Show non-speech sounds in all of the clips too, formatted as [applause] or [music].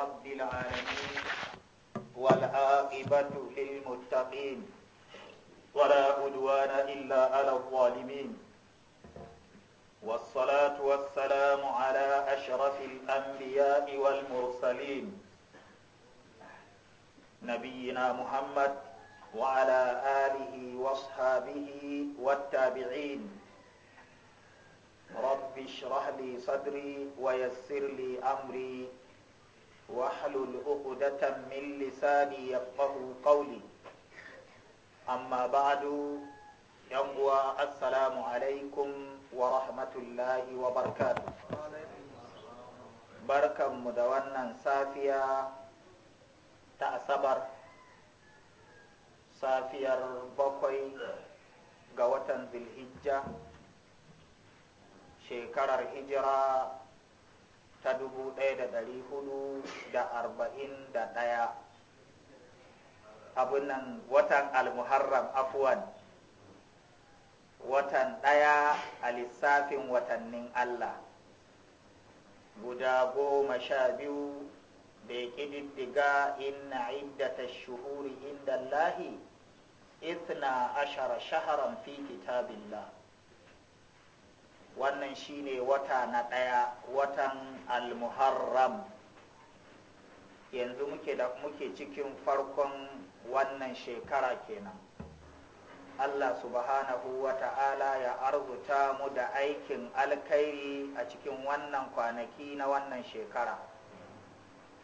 رب العالمين والعاقبة للمتقين ولا عدوان إلا على الظالمين والصلاة والسلام على أشرف الأنبياء والمرسلين نبينا محمد وعلى آله واصحابه والتابعين رب اشرح لي صدري ويسر لي أمري واحلل عقدة من لساني يفقه قولي أما بعد ينبوى السلام عليكم ورحمة الله وبركاته بركة مدونا سافية تأسبر سافية بقوي قوة ذي الهجة shekarar hijira ta dubu ɗaya da ɗari hudu da arba'in da ɗaya abin nan watan almuharram afuwan watan ɗaya a lissafin watannin allah guda goma sha biyu da ya ƙididdiga inna iddata shuhuri inda lahi ithna ashara shaharan fi kitabillah wannan shine wata na ɗaya watan al-Muharram. yanzu muke da muke cikin farkon wannan shekara kenan Allah subhanahu wa ta'ala ya arzuta mu da aikin alkairi a cikin wannan kwanaki na wannan shekara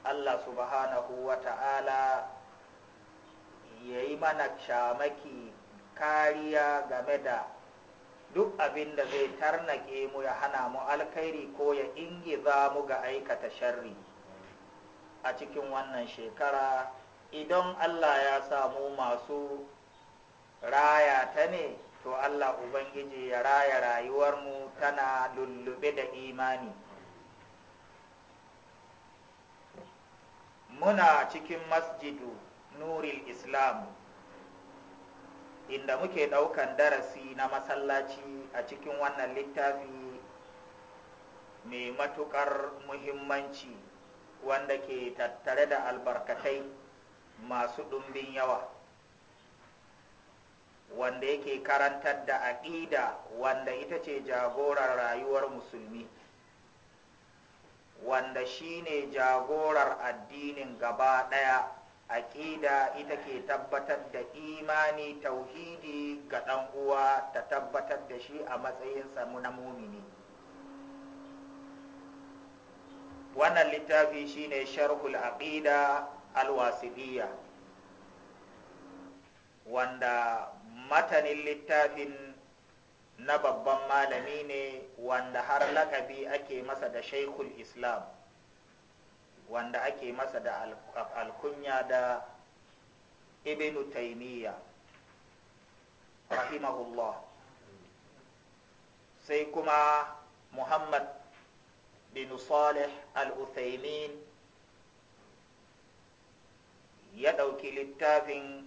Allah subhanahu wa ta'ala ya yi mana shamaki kariya game da duk abin da zai tarnake mu ya hana mu alkhairi ko ya ingiza mu ga aikata sharri a cikin wannan shekara idan Allah ya samu masu raya ta ne to Allah Ubangiji ya raya rayuwarmu tana lullube da imani muna cikin masjidu nuril islam inda muke ɗaukan darasi na masallaci a cikin wannan littafi mai matuƙar muhimmanci wanda ke tattare da albarkatai masu ɗumbin yawa wanda yake karantar da aƙida wanda ita ce jagorar rayuwar musulmi wanda shine jagorar addinin gaba ɗaya aƙida ita ke tabbatar da imani tauhidi ga ɗan uwa ta tabbatar da shi a matsayinsa na mumini wannan littafi shine sharhul aqida alwasidiyya wanda matanin littafin na babban malami ne wanda har lakabi ake masa da shaikul islam wanda ake masa da alkunya da ibn taimiyya rahimahullah sai kuma muhammad bin salih al-uthaymin ya ɗauki littafin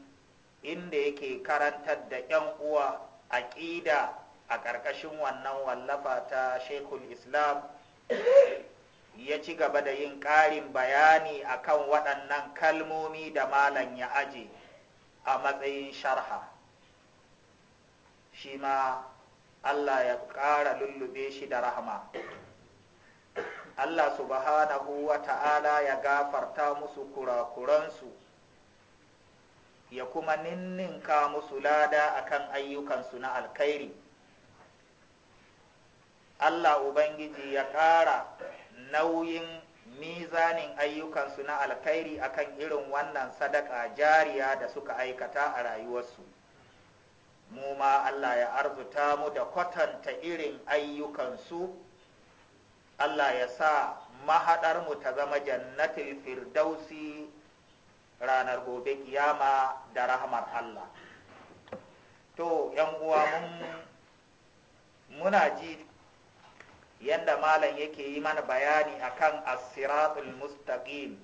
inda yake karantar da 'yan uwa aƙida a ƙarƙashin wannan wallafa ta shekul islam ya ci gaba da yin ƙarin bayani akan waɗannan kalmomi da malan ya aje a matsayin sharha shi ma Allah ya ƙara lullube shi da rahama Allah subhanahu wa ta'ala ya gafarta musu kurakuransu ya kuma ninninka musu lada akan ayyukansu na alkhairi Allah Ubangiji ya ƙara nauyin mizanin ayyukansu na alkhairi akan irin wannan sadaka jariya da suka aikata a rayuwarsu mu ma Allah ya arzuta mu da kwatanta irin ayyukansu Allah ya sa mahaɗarmu ta zama Jannatin firdausi ranar gobe kiyama da rahmar Allah to yan mun muna ji yadda malam yake yi mana bayani akan as-siratul mustaqim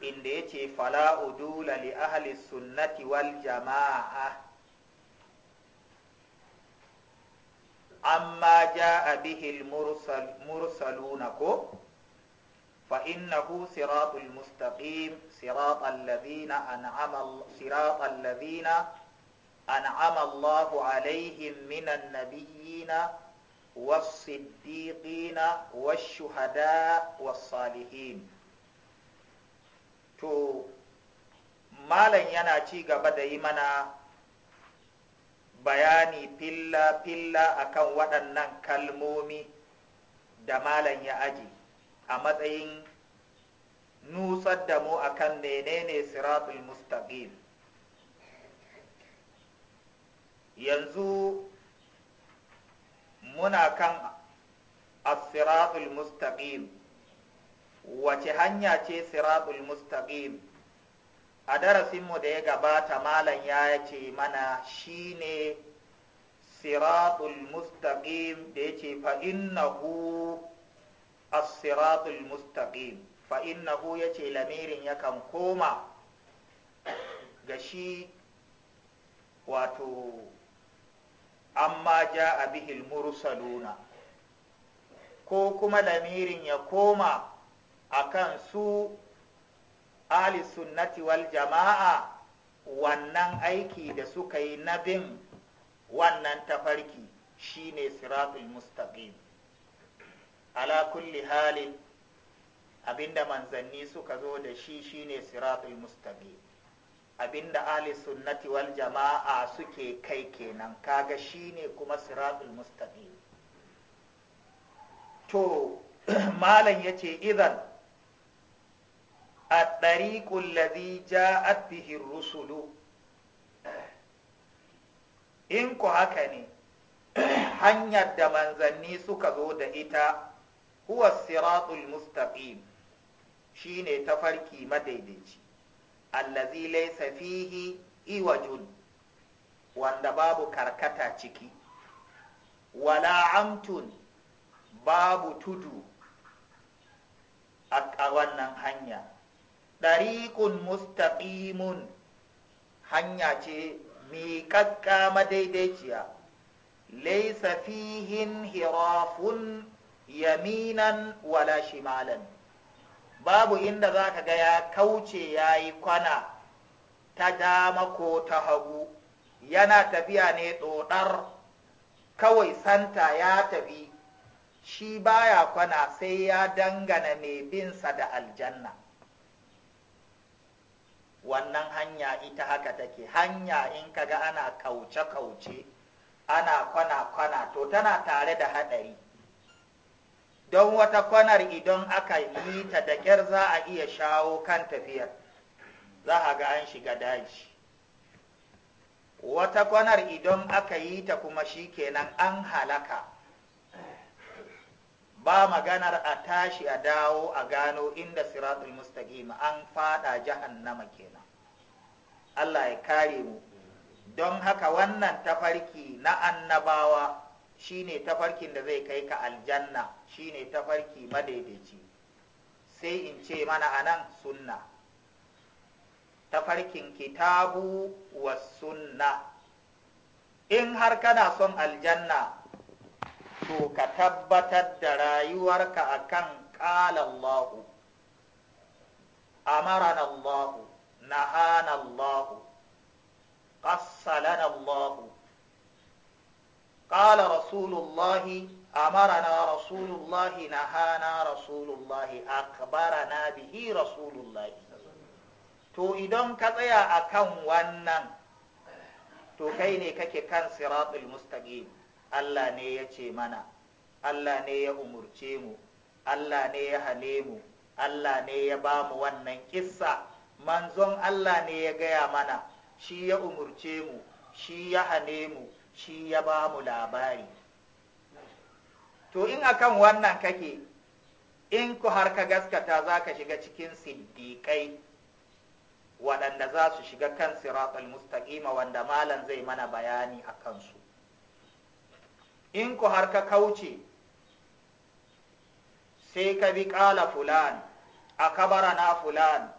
inda yace fala udula li ahli sunnati wal jama'a amma jaa bihi al mursaluna ko فإنه صراط المستقيم صراط الذين أنعم صراط الذين أنعم الله عليهم والصديقين والشهداء والصالحين to malam yana ci gaba da yi mana bayani filla-filla akan waɗannan kalmomi da malam ya aji a matsayin nutsar da mu akan menene siratul mustaqim yanzu muna kan asiratul mustaqim wace hanya ce siratul mustaqim a darasinmu da ya gabata malam ya ce mana shine siratul mustaqim da ya ce fa innahu a siratul mustaqim fa ya ce lamirin ya kan koma ga shi wato amma a bihil mursaluna ko kuma lamirin ya koma a kan su ali sunnati wal jama'a wannan aiki da suka yi na bin wannan tafarki shine siratul mustaqim ala kulli halin abinda manzanni suka zo da shi shine siratul mustaqim abinda ahli sunnati wal jama'a suke kai kenan kaga shine kuma siratul mustaqim to [clears throat] malam yace idan at-tariqul ladhi ja'at bihi rusulu in ku haka ne [clears throat] hanyar da manzanni suka zo da ita huwa siratul mustaqim shine tafarki madaidaici allazi laysa fihi iwajun wanda babu karkata ciki wala amtun babu tudu a wannan hanya ɗariƙun mustaqimun hanya ce miƙaƙƙa madaidaiciya laisa fihin hirafun yaminan wala shimalan babu inda za ka ga ya kauce ya yi kwana ta dama ko ta hagu yana tafiya ne ɗoɗar kawai santa ya tafi shi baya kwana sai ya dangana mai binsa da aljanna wannan hanya ita haka take hanya in kaga ana kauce-kauce ana kwana-kwana to tana tare da haɗari don wata kwanar idan aka yi ta da ƙyar za a iya shawo kan tafiyar za a ga an shiga daji wata kwanar idan aka yi ta kuma shi kenan an halaka ba maganar a tashi a dawo a gano inda siratul mustaqim an fada jahannama kenan Allah ya kare mu don haka wannan tafarki na annabawa shine tafarkin da zai kai ka aljanna shine tafarki madaidaici sai in ce mana anan sunna tafarkin kitabu wa sunna in har kana son aljanna to ka tabbatar da rayuwarka akan qala Allahu amarana Allahu nahana Allahu qassalana Allahu Ƙala rasulullahi amarana rasulullahi nahana rasulullahi akbarana bihi rasulullahi to idan ka tsaya a kan wannan to kai ne kake kan siratul mustaqim Allah ne ya ce mana Allah ne ya umurce mu Allah ne ya hane mu Allah ne ya ba mu wannan kissa manzon Allah ne ya gaya mana shi ya umurce mu shi ya hane mu shi ya ba mu labari to in akan wannan kake in ku har ka gaskata za ka shiga cikin siddiƙai waɗanda za su shiga kan siratul mustaqima wanda malam zai mana bayani a kansu in ku har ka kauce sai ka bi ƙala fulan a kabara na fulan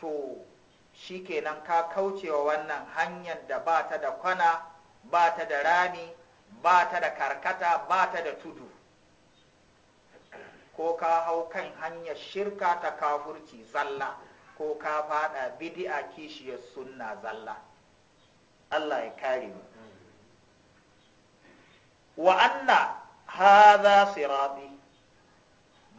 to shi kenan ka kauce wa wannan hanyar da ba ta da kwana ba ta da rami ba ta da karkata ba ta da tudu ko ka hau kan hanyar shirka ta kafurci zalla ko ka fada bidi'a kishiyar sunna zalla Allah ya kare mu wa anna hadha sirati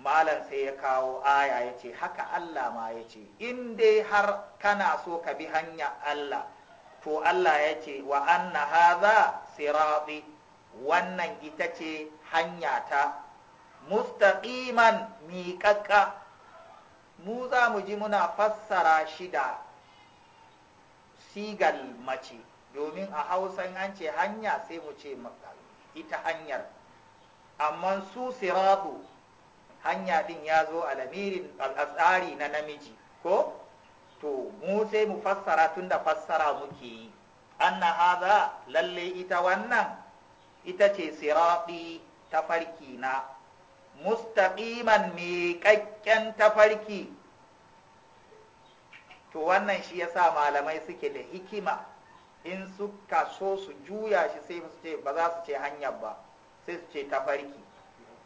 malam sai ya kawo aya ya ce haka Allah ma ya ce in dai har kana so ka bi hanya Allah to Allah ya ce wa anna haza sirati wannan ita ce hanyata mustaqiman miƙaƙƙa mu za mu ji muna fassara shida sigal mace domin a hausan an ce hanya sai mu ce ita hanyar amma su siratu hanya din ya zo a lamirin al'asari na namiji ko to mu sai mu fassara tun da fassara muke yi anna hadha lalle ita wannan ita ce sirati tafarki na mustaqiman miƙaƙƙen tafarki to wannan shi yasa malamai suke da hikima in suka so su juya shi sai su ce ba za su ce hanyar ba sai su ce tafarki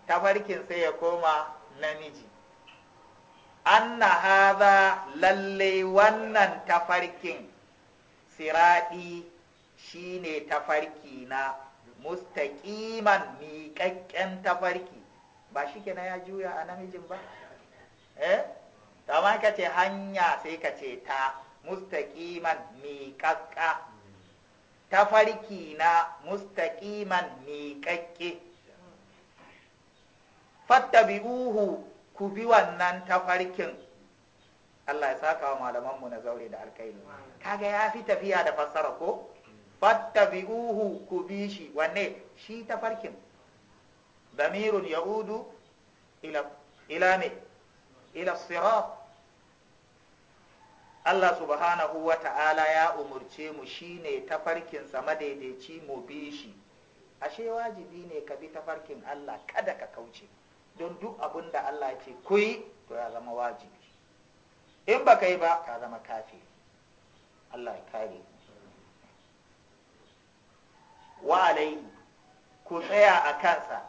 tafarkin sai ya koma namiji anna haza lalle wannan tafarkin siraɗi shine tafarki na mustaƙiman miƙaƙƙen tafarki ba shi kenan ya juya a namijin ba eh amma ka ce hanya sai ka ce ta mustaƙiman miƙaƙƙa tafarki na mustaƙiman miƙaƙƙe fattabi'uhu ku bi wannan tafarkin Allah ya saka wa malamanmu na zaure da alkaini kaga ya fi tafiya da fassara ko fattabi'uhu ku bi shi wanne shi tafarkin damirun Yahudu ila ila ne ila sirat Allah subhanahu wa ta'ala ya umurce mu shine tafarkinsa madaidaici mu bi shi ashe wajibi ne ka bi tafarkin Allah kada ka kauce don duk abin da Allah ce kuyi to ya zama wajibi in ba kai ba ka zama kafi Allah ya kare wa alaihi ku tsaya a kansa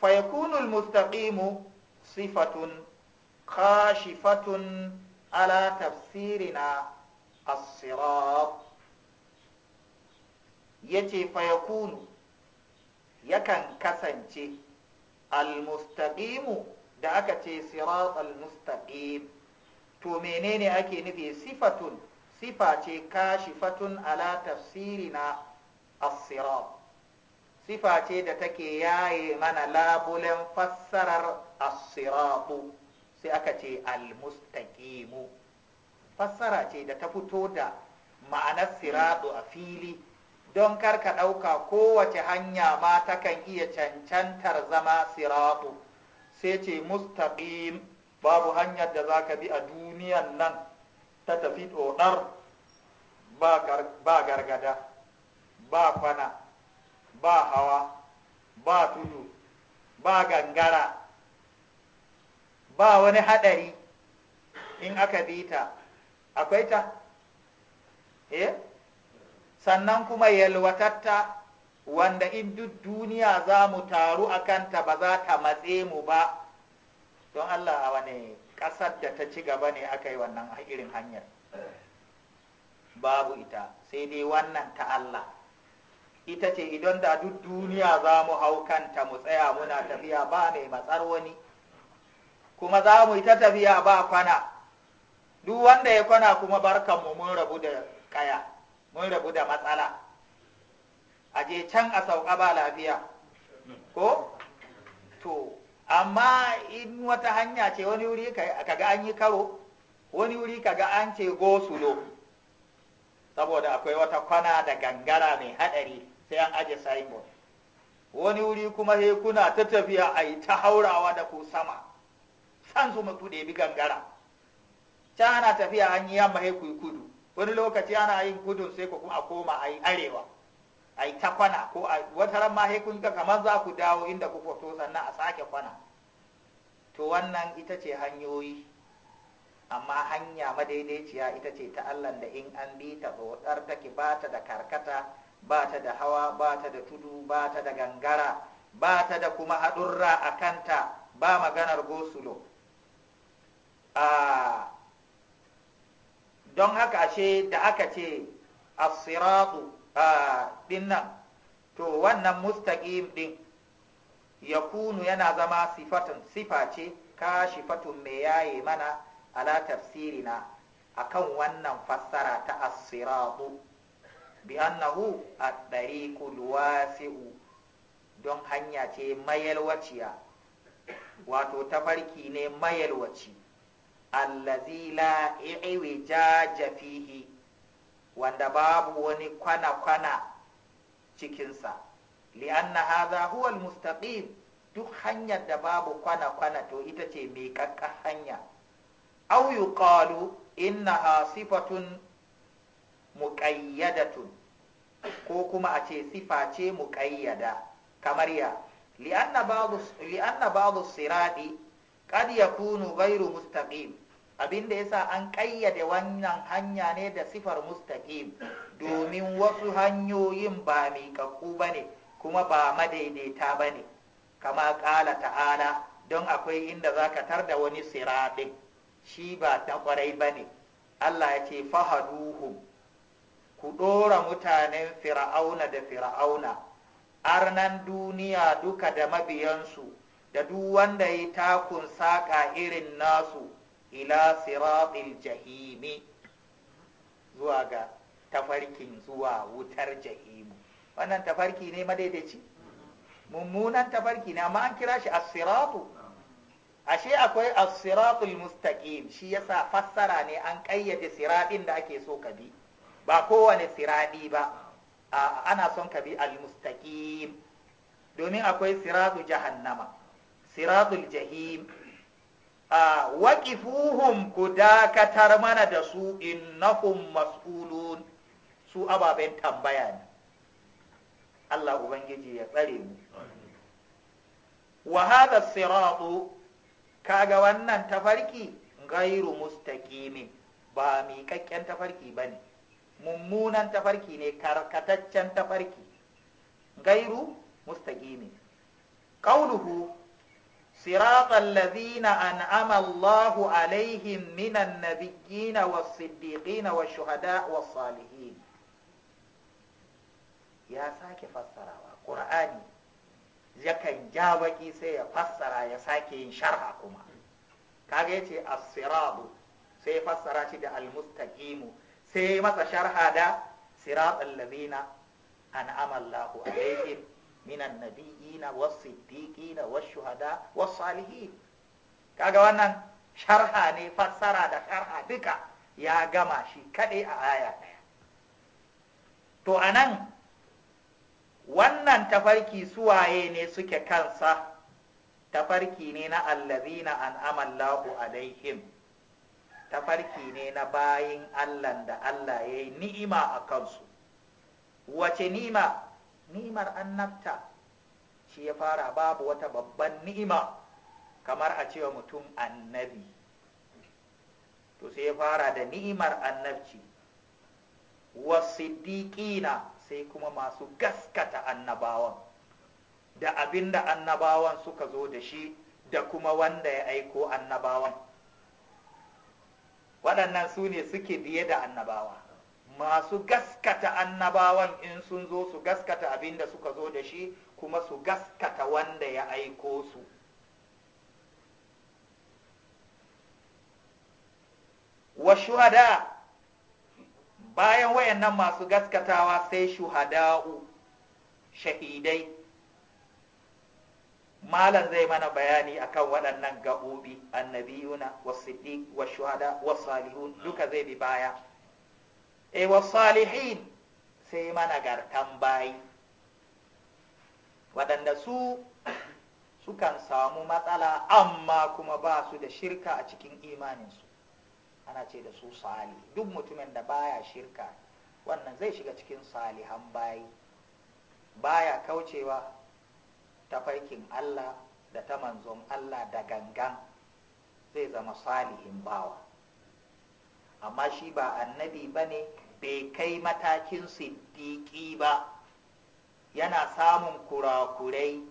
fa yakunu sifatun kashifatun ala tafsirina as-sirat yace fa yakunu yakan kasance al da aka ce sirat al to menene ake nufi sifatun sifa ce kashifatun ala tafsirina as-sirat sifa ce da take yaye mana labulen fassarar as-siratu sai aka ce al fassara ce da ta fito da ma'anar siratu a fili don kar ka ɗauka kowace hanya ma takan iya cancantar zama siratu sai ce mustaqim babu hanyar da za ka bi a duniyan nan ta tafi ɗoɗar ba gargada ba kwana ba hawa ba tudu ba gangara ba wani haɗari in aka bi ta akwai ta eh sannan kuma yalwatatta wanda in duk duniya za mu taru a kanta ba za ta matse mu ba don Allah a wane ƙasar da ta ci gaba ne aka yi wannan irin hanyar babu ita sai dai wannan ta Allah ita ce idan da duk duniya za mu hau kanta mu tsaya muna tafiya ba mai matsar wani kuma za mu ita tafiya ba kwana duk wanda ya kwana kuma barkanmu mun rabu da kaya mun rabu da matsala a je can a sauka ba lafiya ko to amma in wata hanya ce wani wuri kaga an yi karo wani wuri kaga an ce gosulo saboda akwai wata kwana da gangara mai haɗari, sai an aje simon wani wuri kuma sai kuna ta tafiya a yi ta haurawa da ku sama san su mutu da bi gangara can ana tafiya an yi yamma sai kudu wani lokaci ana yin gudun sai ku kuma a koma a yi arewa a yi ta kwana ko a wata ran ma kun ga kamar za ku dawo inda ku fito sannan a sake kwana to wannan ita ce hanyoyi amma hanya madaidaiciya ita ce ta Allah da in an bi ta tsotsar take ba ta da karkata ba ta da hawa ba ta da tudu ba ta da gangara ba ta da kuma haɗurra a kanta ba maganar gosulo a ah, don haka ashe da aka ce asiratu din nan to wannan mustaqim din ya kunu yana zama sifatun sifa ce kashifatun mai yaye mana ala tafsirina kan wannan fassara ta asiratu bi annahu at-tariqul wasi'u don hanya ce mayalwaciya wato tafarki ne mayalwaci allazi la iwijaja fihi wanda babu wani kwana-kwana cikinsa li'anna hadha huwa almustaqim duk hanyar da babu kwana-kwana to ita ce mai kakka hanya aw yuqalu innaha sifatun muqayyadatun ko kuma a ce sifa ce muqayyada kamar ya li'anna ba'd li'anna ba'du sirati qad yakunu ghayru mustaqim abin da yasa an ƙayyade wannan hanya ne da sifar mustaqim domin wasu hanyoyin ba miƙaƙƙu ba ne kuma ba madaidaita ba ne kama ƙala ta'ala don akwai inda za ka tar da wani siraɗin shi ba ta ƙwarai ba ne allah ya ce fahaduhum ku ɗora mutanen fir'auna da fir'auna arnan duniya duka da mabiyansu da duk wanda ya takun saƙa irin nasu ila siratil jahimi zuwa ga tafarkin zuwa wutar jahimu wannan tafarki ne madaidaici mummunan tafarki ne amma an kira shi as-siratu ashe akwai as-siratul mustaqim shi yasa fassara ne an kayyade siratin da ake so ka bi ba kowane siradi ba ana son ka bi al-mustaqim domin akwai siratu jahannama siratul jahim waqifuhum ku dakatar mana da su innahum mas'ulun su ababen tambaya ne Allah ubangiji ya tsare mu wa hadha siratu kaga wannan tafarki gairu mustaqimin ba miƙaƙƙen tafarki bane mummunan tafarki ne karkataccen tafarki gairu mustaqimin qauluhu صراط الذين أنعم الله عليهم من النبيين والصديقين والشهداء والصالحين يا ساكي فسرا قرآني yakan ja baki sai ya fassara ya sake yin sharha kuma kaga yace as-siratu sai fassara shi da al-mustaqimu sai masa sharha da siratal ladina an'ama Allahu minan nabiyina was-siddiqina wash-shuhada was-salihin kaga wannan sharha ne fassara da sharha duka ya gama shi kaɗai a aya to anan wannan tafarki suwaye ne suke kansa tafarki ne na allazina an'amallahu alaihim tafarki ne na bayin Allah da Allah ya yi ni'ima a kansu wace ni'ima ni'imar annabta shi ya fara babu wata babban ni'ima kamar a cewa mutum annabi to sai ya fara da ni'imar annabci wasiddiqina sai kuma masu gaskata annabawan da abinda annabawan suka zo da shi da kuma wanda ya aiko annabawan waɗannan su ne suke biye da annabawa masu gaskata annabawan in sun zo su gaskata abin da suka zo da shi kuma su gaskata wanda ya aiko su wa shuhada bayan wayannan masu gaskatawa sai shuhada'u shahidai malam zai mana bayani akan waɗannan gaɓoɓi annabiyuna wasiddiq wa shuhada wa salihun duka zai bi baya eh Salihin sai managartan bayi waɗanda su sukan samu matsala amma kuma ba su da shirka a cikin imaninsu ana ce da su sali duk mutumin da baya shirka wannan zai shiga cikin salihan bayi baya kaucewa ta farkin Allah da ta manzon Allah da gangan zai zama salihin bawa amma shi ba annabi ba ne bai kai matakin siddiƙi ba yana samun kurakurai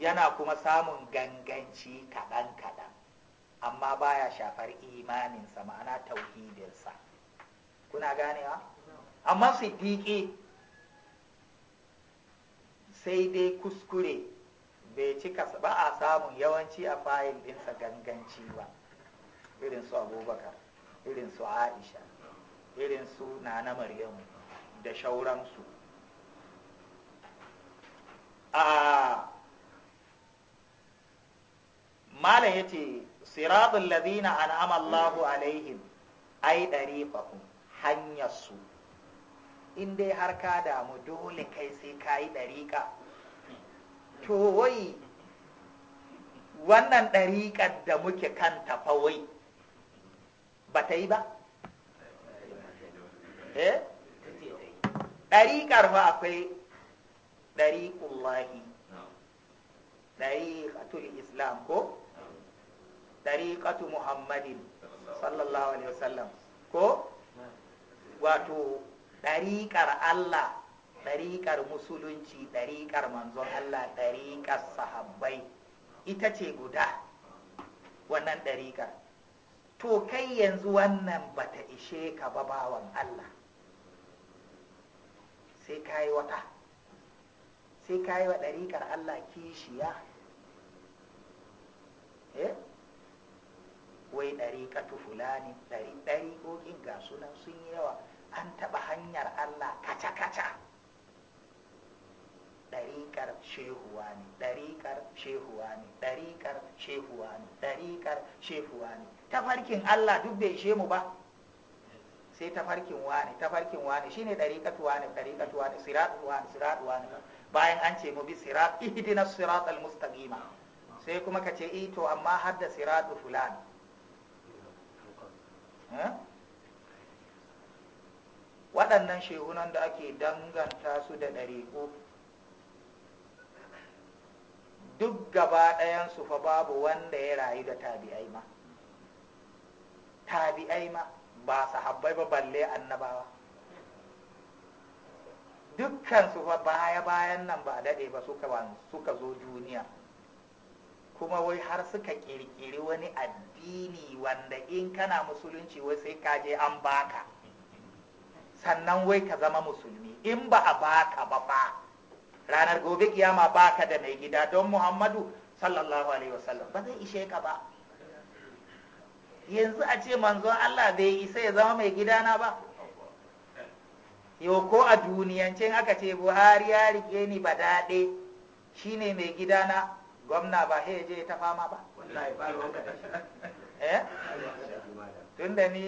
yana kuma samun ganganci kaɗan-kaɗan amma baya shafar imaninsa ma'ana tauhidinsa kuna ganewa amma siddiƙi sai dai kuskure bai cika ba a samun yawanci a fayil ɗinsa ganganci ba irin su abubakar irin su aisha irin su na maryamu da shauransu a malam ya ce siratun lazina an amallahu alaihim ai ɗari hanyarsu in dai har ka damu dole kai sai ka yi ɗariƙa to wai wannan ɗariƙar da muke kan wai ba ta yi ba E, ɗariƙar fa akwai ɗariƙullahi ɗariƙatul islam ko ɗariƙatu muhammadin sallallahu alaihi wasallam ko wato ɗariƙar allah ɗariƙar musulunci ɗariƙar manzon allah ɗariƙar sahabbai ita ce guda wannan ɗariƙar to kai yanzu wannan bata ishe ka ba bawan allah sai ka yi wata sai ka wa ɗariƙar Allah kishiya eh wai ɗariƙatu fulani ɗari ɗariƙoƙin ga sunan sun yi yawa an taɓa hanyar Allah kaca-kaca ɗariƙar shehuwa ne ɗariƙar shehuwa ne ɗariƙar shehuwa ne ɗariƙar shehuwa ne tafarkin Allah duk bai she mu ba sai tafarkin wani tafarkin wani shine dariqatu wani dariqatu wani siratu wani siratu wani bayan an ce mu bi sirat ihdina siratal mustaqima sai kuma ka ce ito eh, to amma har da siratu fulan eh? waɗannan shehunan da ake danganta su da ɗariƙo duk gaba ɗayansu fa babu wanda ya rayu da tabi'ai ma tabi'ai ma ba sahabbai ba balle annabawa dukkansu ba baya bayan nan ba daɗe ba suka zo duniya kuma wai har suka ƙirƙiri wani addini wanda in kana musulunci wai sai ka je an baka sannan wai ka zama musulmi in ba a baka ba ba ranar gobe kiyama baka da mai gida don muhammadu sallallahu alaihi wasallam ba zai ishe ka ba yanzu a ce manzon Allah bai isa ya zama mai gidana ba yau ko a duniyancin aka ce buhari ya rike ni ba daɗe shi ne mai gidana gwamna ba ya je ta fama ba tun da [laughs] eh? ni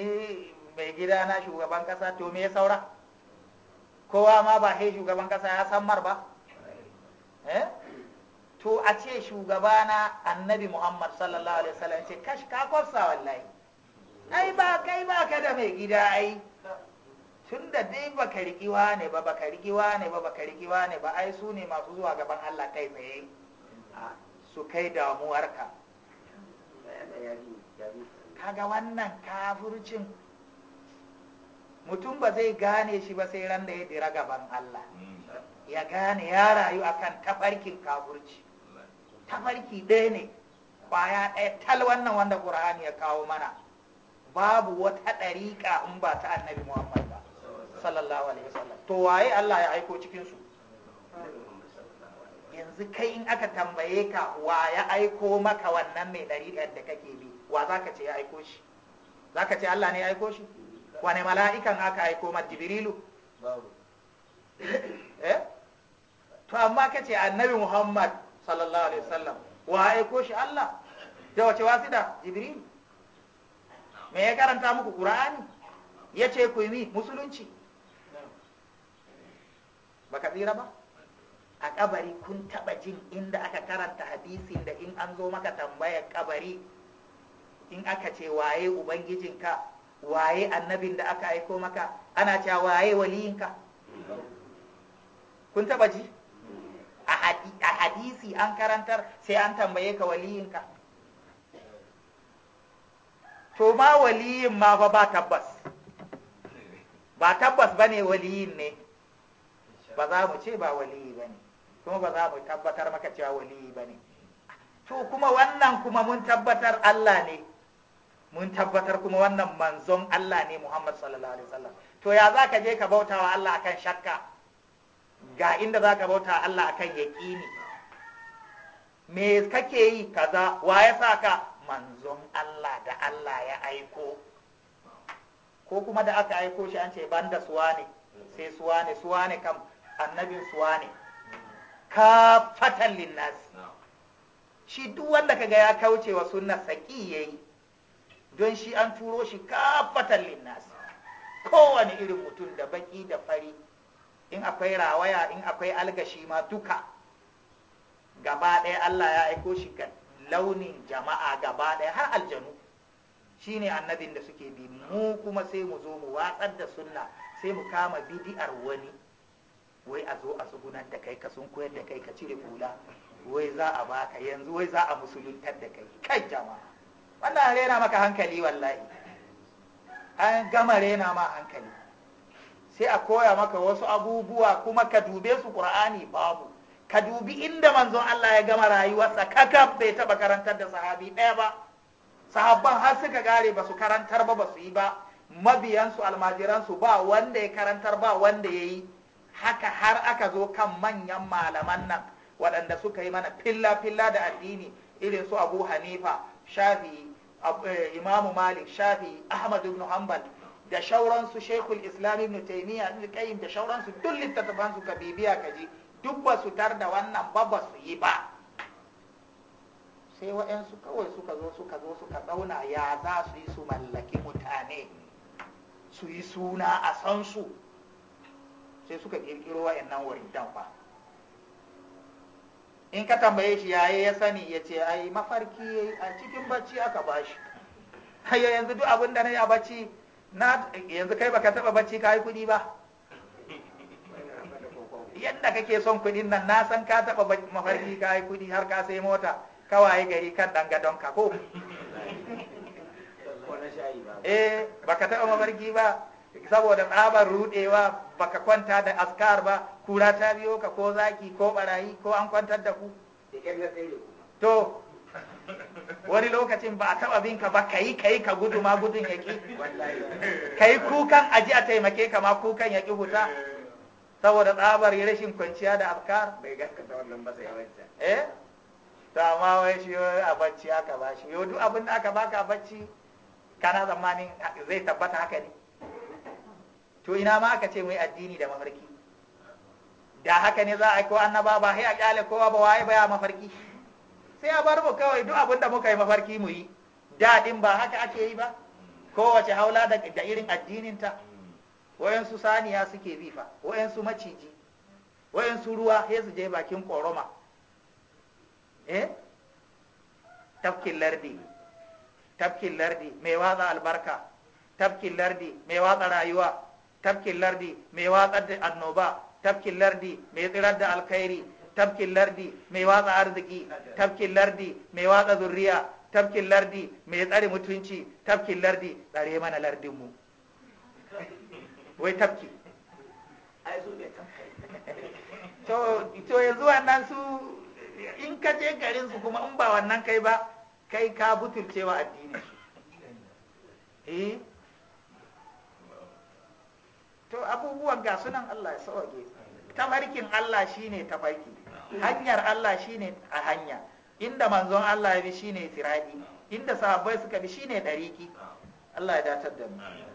mai gidana shugaban ƙasa to me saura kowa ma ba he shugaban ƙasa ya mar ba eh to a ce shugabana annabi muhammad sallallahu alaihi wasallam ce kash ka kwafsa wallahi ai ba kai ba ka da mai gida ai tun da dai baka rigiwa ne ba baka rigiwa ne ba baka rigiwa ne ba ai su ne masu zuwa gaban Allah kai tsaye su kai damuwarka kaga wannan kafircin mutum ba zai gane shi ba sai ran da ya dira gaban Allah hmm. ya gane ya rayu akan tabarkin kafurci tafarki ɗaya ne Ƙwaya ɗaya tal wannan wanda ƙur'ani ya kawo mana babu wata ɗariƙa in ba ta annabi muhammad ba sallallahu alaihi wasallam to waye allah ya aiko cikinsu yanzu kai in aka tambaye ka wa ya aiko maka wannan mai ɗariƙar da kake bi wa za ka ce ya aiko shi za ka ce allah ne ya aiko shi wane mala'ikan aka aiko ma jibrilu [laughs] eh? to amma ka ce annabi muhammad sallallahu alaihi wasallam wa aiko shi Allah da wace wasida jibril me ya karanta muku qur'ani yace ku yi musulunci baka tsira ba a kabari kun taba jin inda aka karanta hadisin da in an zo maka tambayar kabari in aka ce waye ubangijinka waye annabin da aka aiko maka ana cewa waye waliyinka kun taba ji a hadisi an karantar sai an tambaye ka waliyinka to ma waliyin ma fa ba tabbas ba tabbas ba ne waliyin ne ba za mu ce ba waliyi ba ne kuma ba za mu tabbatar maka cewa waliyi ba ne to kuma wannan kuma mun tabbatar Allah ne mun tabbatar kuma wannan manzon Allah ne Muhammad sallallahu alaihi wasallam to ya za ka je ka bauta wa Allah akan shakka ga inda za ka bauta Allah akan yaƙini me kake yi kaza wa ya sa ka manzon Allah da Allah ya aiko ko kuma da aka aiko shi an ce banda suwa ne sai suwa ne suwa ne kam annabin suwa ne ka fatan linnas shi duk wanda kaga ya kauce wa sunnar saki yayi don shi an turo shi ka fatan linnas kowane irin mutum da baki da fari in akwai rawaya in akwai algashi ma duka gaba ɗaya Allah ya aiko shi ga launin jama'a gaba ɗaya har aljanu shi ne annabin da suke bi mu kuma sai mu zo mu watsar da sunna sai mu kama bidi'ar wani wai a zo a tsugunan da kai ka sun koyar da kai ka cire kula. wai za a baka yanzu wai za a musuluntar da kai kai jama'a wannan rena maka hankali wallahi an gama rena ma hankali sai a koya maka wasu abubuwa kuma ka dube su qur'ani babu ka dubi inda manzon Allah ya gama rayuwarsa kakaf bai taɓa karantar da sahabi ɗaya ba sahabban har suka gare ba su karantar ba ba su yi ba mabiyansu almajiransu ba wanda ya karantar ba wanda ya yi haka har aka zo kan manyan malaman nan waɗanda suka yi mana filla-filla da addini irin su abu hanifa shafi eh, imamu malik shafi ahmad ibn hanbal da shauransu shekul islam ibn taimiyya ibn qayyim da shauransu duk littattafansu ka bibiya ka ji duk ba su tar da wannan ba ba su yi ba sai waɗansu kawai suka zo suka zo suka zauna ya za su yi su mallaki mutane su yi suna a san su sai suka ƙirƙiro waɗannan wurin fa in ka tambaye shi yayi ya sani ya ce ai mafarki a cikin bacci aka bashi hayya yanzu duk abin da na yi a bacci yanzu kai baka taɓa bacci ka yi kuɗi ba yadda kake son kuɗin nan na san ka taɓa mafarki ka yi kuɗi har ka sai mota kawaye gari kan ɗangadon [laughs] eh, ka ko eh baka taɓa mafarki ba saboda tsabar rudewa baka kwanta da askar ba kura ta biyo ka ko zaki ko barayi ko an kwantar da ku to wani lokacin ba a taɓa bin ka ba ka yi ka gudu ma gudun ka yi kukan aji a taimake ka ma kukan ƙi huta saboda tsabar rashin kwanciya da afkar bai gaskata wannan ba sai wancan eh to amma wai shi a bacci aka bashi yau duk abin da aka baka a bacci kana tsammanin zai tabbata haka ne to ina ma aka ce mai addini da mafarki da haka ne za a ko annaba ba sai a kyale kowa ba waye ba ya mafarki sai a bar mu kawai duk abin da muka yi mafarki mu yi dadin ba haka ake yi ba kowace haula da irin addininta wayansu saniya suke bifa, fa wayansu maciji wayansu ruwa sai su je bakin koroma eh tafkin lardi tafkin lardi mai watsa albarka tafkin lardi mai watsa rayuwa tafkin lardi mai watsa annoba tafkin lardi mai tsirar da alkhairi tafkin lardi mai watsa arziki tafkin lardi mai watsa zurriya tafkin lardi mai tsare mutunci tafkin lardi tsare mana lardinmu wai tafki to zuwa nan su in ka je garin su kuma in ba wannan kai ba kai ka butulcewa wa su eh to abubuwan ga sunan Allah ya sauke tafarkin Allah shine tafarki hanyar Allah shine a hanya inda manzon Allah ya bi shine tiradi inda sahabbai suka bi shine dariki Allah ya datar da mu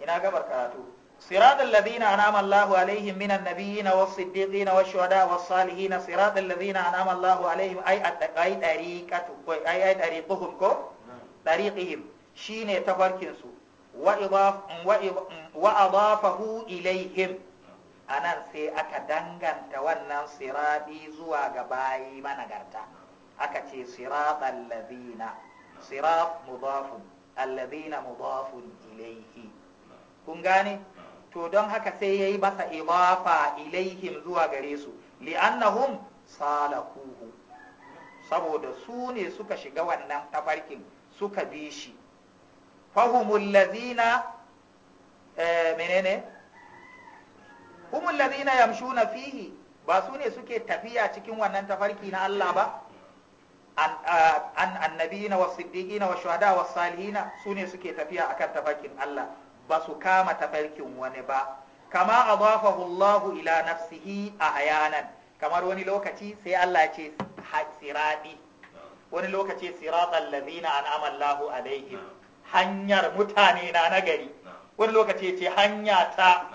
ina gabar karatu siratal ladina an'ama Allahu alaihim minan nabiyina was-siddiqina wash-shuhada was-salihin siratal ladina an'ama Allahu alaihim ay at-taqai tariqatu ko ay ay tariquhum ko tariqihim shine tafarkin su wa idaf wa adafahu ilaihim sai aka danganta wannan siradi zuwa ga bayi managarta aka ce siratal ladina sirat kun gane to don haka sai ya yi masa idafa ilaihim zuwa gare su li'annahum salakuhu saboda su ne suka shiga wannan tafarkin suka bi shi fahumul ladina eh, menene humul ladina yamshuna fihi ba su ne suke tafiya cikin wannan tafarki na Allah ba an annabiyina na wasu was shuhada was salihina su ne suke tafiya akan tafarkin Allah ba su kama tafarkin wani ba kama adafahu Allahu ila nafsihi a ayanan kamar wani lokaci sai Allah ce siradi wani lokaci siratal ladina an'ama Allahu alaihim hanyar mutane na nagari wani lokaci ce hanya ta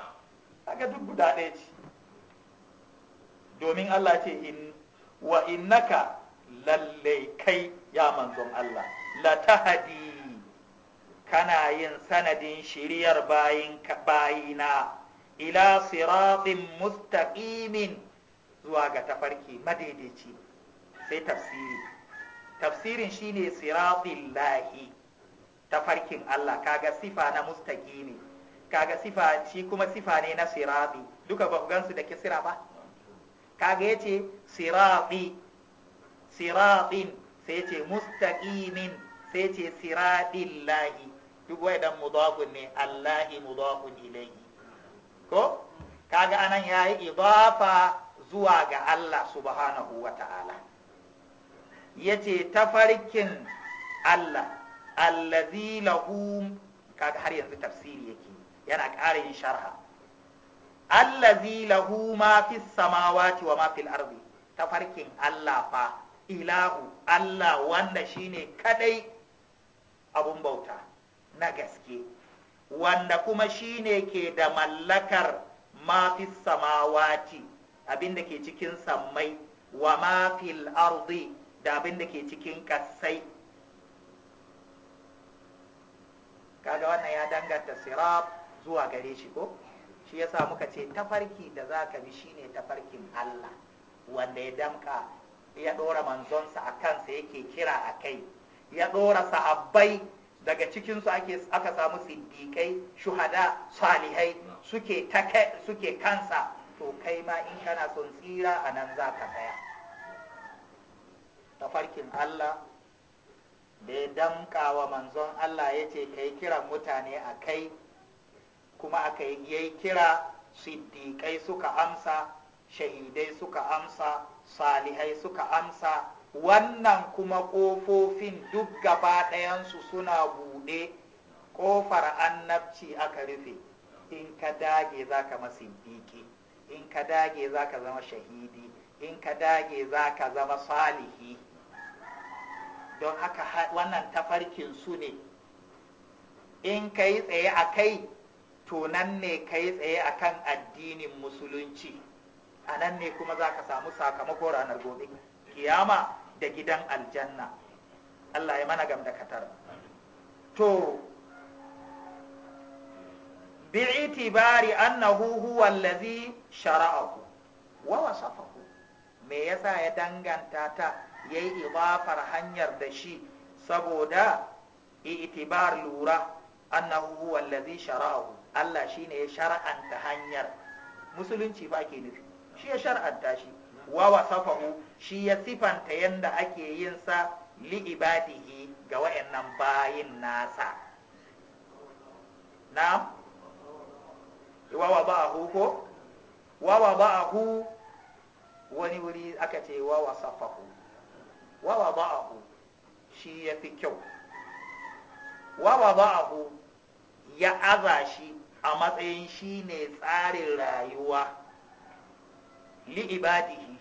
kaga duk guda ɗaya ce domin Allah ce in wa innaka lallai kai ya manzon Allah la tahdi kana yin sanadin shiriyar bayina ila siratin mustaqimin zuwa ga tafarki madaidaici sai tafsiri tafsirin shine siratin lahi tafarkin Allah kaga sifa na mustaqimi kaga sifa shi kuma sifa ne na sirati duka ba gansu da kisira ba kaga yace sirati siratin sai yace mustaqimin sai yace siratin lahi duk waidan mudafun ne Allahi mudafun ilayhi ko kaga anan yayi idafa zuwa ga Allah subhanahu wa ta'ala yace tafarkin Allah allazi lahu kaga har yanzu tafsiri yake yana ƙara yin sharha allazi lahu ma fi samawati wa ma fil ardi tafarkin Allah fa ilahu Allah wanda shine kadai abun bauta na gaske wanda kuma shine ke da mallakar mafi samawati abinda ke cikin sammai wa mafil arzi da abinda ke cikin kasai kaga wannan ya danganta sirab zuwa gare shi ko shi yasa muka ce tafarki da za ka bi shine tafarkin Allah wanda ya damka ya ɗora manzonsa a kansa yake kira a kai ya ɗora sahabbai daga cikinsu ake aka samu siddiƙai shuhada salihai suke kansa to kai ma in kana son tsira a nan za ka tsaya tafarkin Allah da ya manzon Allah ya ce ka yi kiran mutane a kai kuma aka yi kira siddiƙai suka amsa shahidai suka amsa salihai suka amsa wannan kuma ƙofofin duk gaba ɗayansu suna buɗe ƙofar annabci aka rufe in ka dage za ka masiddiƙi in ka dage za ka zama shahidi in ka dage za ka zama salihi don haka wannan tafarkin su ne in ka yi tsaye a kai to nan ne ka yi tsaye a kan addinin musulunci a nan ne kuma za ka samu sakamako ranar gobe kiyama da gidan aljanna Allah ya mana gamda katar to bi'tibari annahu huwa allazi shara'ahu wa wasafahu me yasa ya danganta ta yayi idafar hanyar da shi saboda i'tibar lura annahu huwa allazi shara'ahu Allah shine ya shar'anta hanyar musulunci ba ke nufi shi ya shar'anta shi wa wasafahu shi ya sifanta yadda ake yin sa li ibadihi ga wayannan bayin nasa na'am wa wada'ahu ko wa wada'ahu wani wuri aka ce wawa wasafahu wa wada'ahu shi ya fi kyau wa wada'ahu ya aza shi a matsayin shi ne tsarin rayuwa li'ibadihi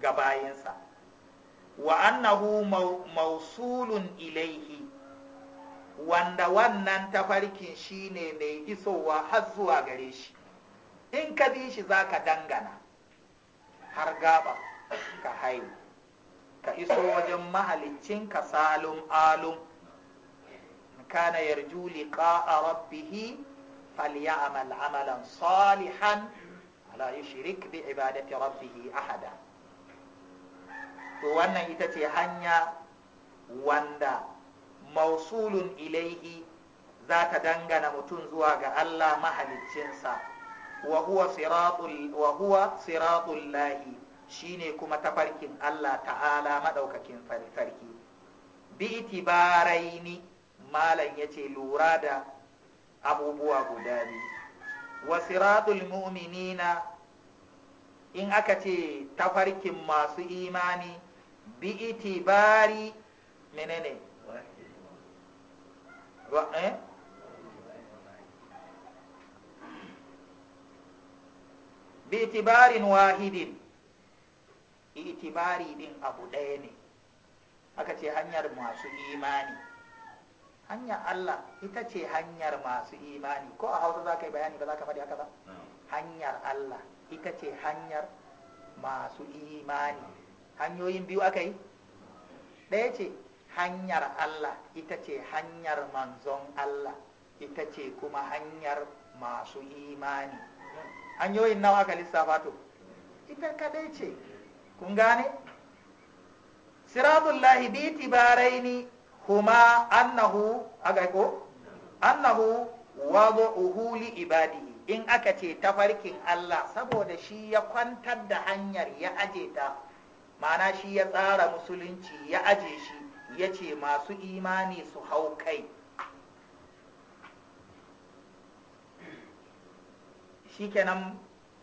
ga bayansa wa annahu mausulun ilaihi wanda wannan tafarkin shine mai isowa har zuwa gare shi in ka bi shi za ka dangana har gaba ka haihu ka iso wajen mahalicin ka salum alum kana yarju liqa'a rabbih falyamal amalan salihan la yushrik ahada to wannan ita ce hanya wanda mausulun ilaihi za ta dangana mutum zuwa ga Allah mahaliccinsa Wahuwa huwa siratul wa shine kuma tafarkin Allah ta'ala madaukakin sarki bi itibaraini malam yace lura da abubuwa guda biyu wa siratul mu'minina in aka ce tafarkin masu imani bi itibari eh? abu ɗaya ne aka ce hanyar masu imani hanyar Allah ita ce hanyar masu imani ko a hausa za ka yi bayani ba za ka faɗi haka ba hanyar Allah ita ce hanyar masu imani hanyoyin biyu aka yi ɗaya ce hanyar Allah ita ce hanyar manzon Allah ita ce kuma hanyar masu imani hanyoyin nawa ka lissafa to ita kadai ce kun gane siratullahi bi ni kuma annahu aga ko annahu wadu'uhu li ibadi. in aka ce tafarkin Allah saboda shi ya kwantar da hanyar ya aje ta ma'ana shi ya tsara musulunci ya aje shi ya ce masu imani su hau kai shikenan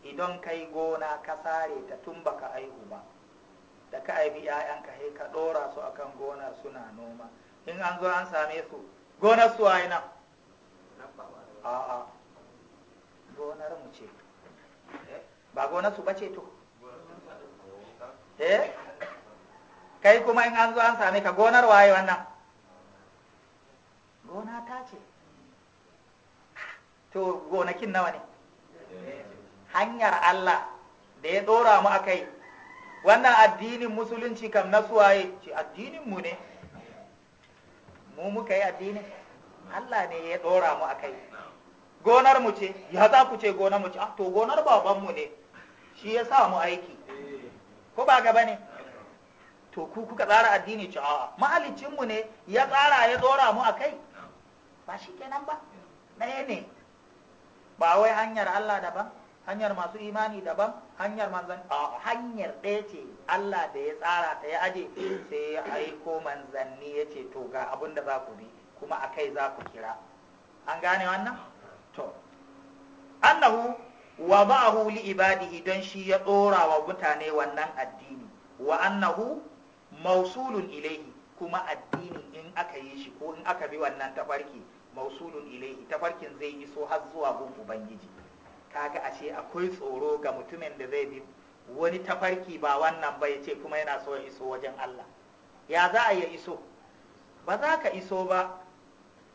idan kai gona ka sare ta tun baka aihu ba da ka aibi 'ya'yanka ka ɗora su akan gona suna noma in an zo an same su gonar su waye nan a'a gonar mu ce eh, ba gonar su bace to eh kai kuma in an zo an same ka gonar waye wannan gona ta ce to gonakin nawa ne hanyar Allah da ya ɗora mu a kai wannan addinin musulunci kam na suwaye ce addinin mu ne mu muka yi addini Allah ne ya dora mu a kai gonar mu ce ya za ku ce gonar mu ce ah, to gonar babanmu ne shi ya sa mu aiki ko ba gaba ne to ku kuka tsara addini ce a'a mu ne ya tsara ya dora mu a kai ba shi kenan ba ɗaya ne ba wai hanyar Allah daban hanyar masu imani daban hanyar manzan hanyar ɗaya ce Allah da ya tsara ta ya aje sai ya aiko manzanni ya ce to ga abin da za ku bi kuma a kai za ku kira an gane wannan to annahu wa ba'ahu li ibadihi don shi ya ɗora wa mutane wannan addini wa annahu mausulun ilaihi kuma addini in aka yi shi ko in aka bi wannan tafarki mausulun ilaihi tafarkin zai iso har zuwa gun ubangiji kaga ashe akwai tsoro ga mutumin da zai bi wani tafarki ba wannan ba ya ce kuma yana so ya iso wajen Allah ya za a ya iso ba za ka iso ba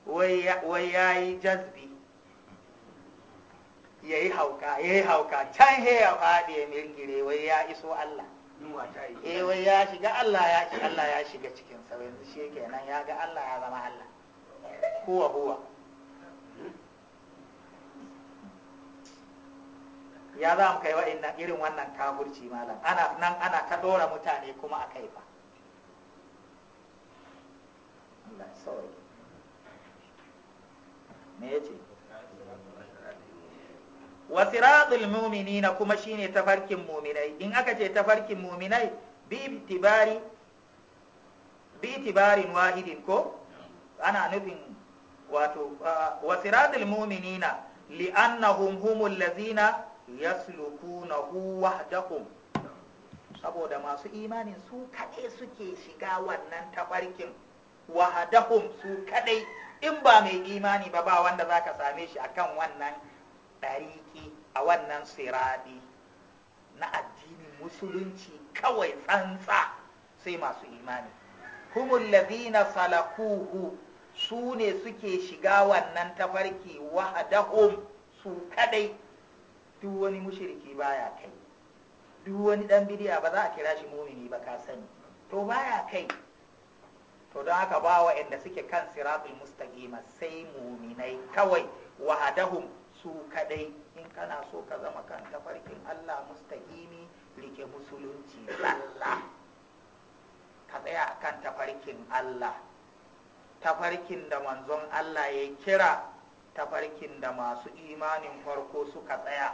wai ya yi jazbi ya yi hauka ya yi hauka can he ya faɗi ya mirgire wai ya iso Allah eh wai ya shiga Allah ya Allah ya shiga cikin sa yanzu shi kenan ya ga Allah ya zama Allah huwa huwa ya za mu kai wa'annan irin wannan kafurci malam ana nan ana ta ɗora mutane kuma a kai fa. me yace wa siratul mu'minina kuma shine tafarkin mu'minai in aka ce tafarkin mu'minai bi itibari bi itibarin wahidin ko ana nufin wato ah, wa siratul mu'minina li'annahum humul ladzina yaslukunahu wahdahum saboda masu imanin su kaɗai suke shiga wannan tafarkin wahadahum su kaɗai in ba mai imani ba ba wanda za ka same shi a kan wannan ɗariki a wannan siradi na addinin musulunci kawai tsantsa sai masu imani humul ladhina salakuhu su ne suke shiga wannan tafarki wahadahum su kaɗai duk wani mushriki baya kai duk wani dan bidiya ba za a kira shi mumini ba ka sani to baya kai to don haka ba wa'anda suke kan siratul mustaqima sai muminai kawai wahadahum su kadai in kana so ka zama kan tafarkin Allah mustaqimi rike musulunci sallah ka tsaya kan tafarkin Allah tafarkin da manzon Allah ya kira tafarkin da masu imanin farko suka tsaya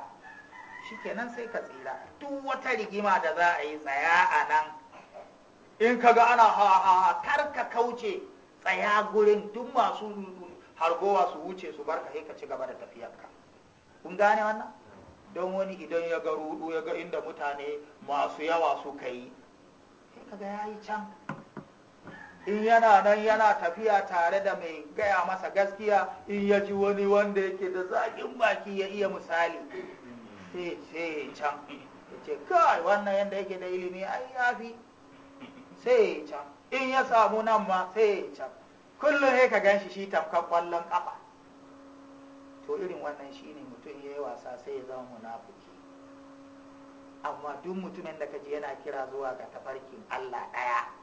shikenan sai ka tsira duk wata rigima da za a yi tsaya a nan in ka ga ana ha ha kar ka kauce tsaya gurin duk masu hargowa su wuce su barka sai ka ci gaba da tafiyarka kun gane wannan don wani idan ya ga rudu ya ga inda mutane masu yawa suka yi sai ka ga ya yi can in yana nan yana tafiya tare da mai gaya masa gaskiya in ya ji wani wanda yake da zaƙin baki ya iya misali sai can ya ce kawai wannan yadda yake da ilimi ai ya fi sai can in ya samu nan ma sai can kullum sai ka gan shi shi tafkan kwallon kafa to irin wannan shi ne mutum ya yi wasa sai ya zama munafuki amma duk mutumin da ka ji yana kira zuwa ga tafarkin Allah ɗaya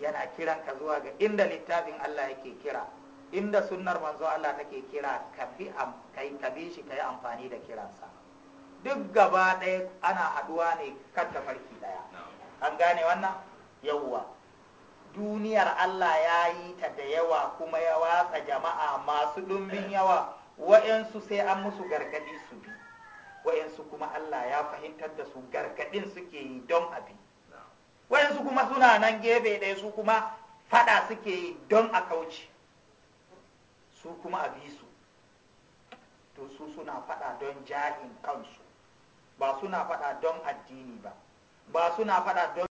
yana kiran ka zuwa ga inda littafin Allah yake kira inda sunnar manzo Allah take kira ka bi kai ka bi shi kai amfani da kiransa duk gaba ɗaya ana haduwa ne kan tafarki ɗaya an gane wannan yawwa duniyar Allah ya yi ta da yawa kuma ya watsa jama'a masu ɗumbin yawa wa'yansu sai an musu gargadi su bi wa'yansu kuma Allah ya fahimtar da su gargadin suke yi don abi wayansu kuma suna nan gefe ɗaya su kuma fada suke yi don a kauce su kuma a bi su to su suna fada don ja'in kansu ba suna fada don addini ba ba suna fada don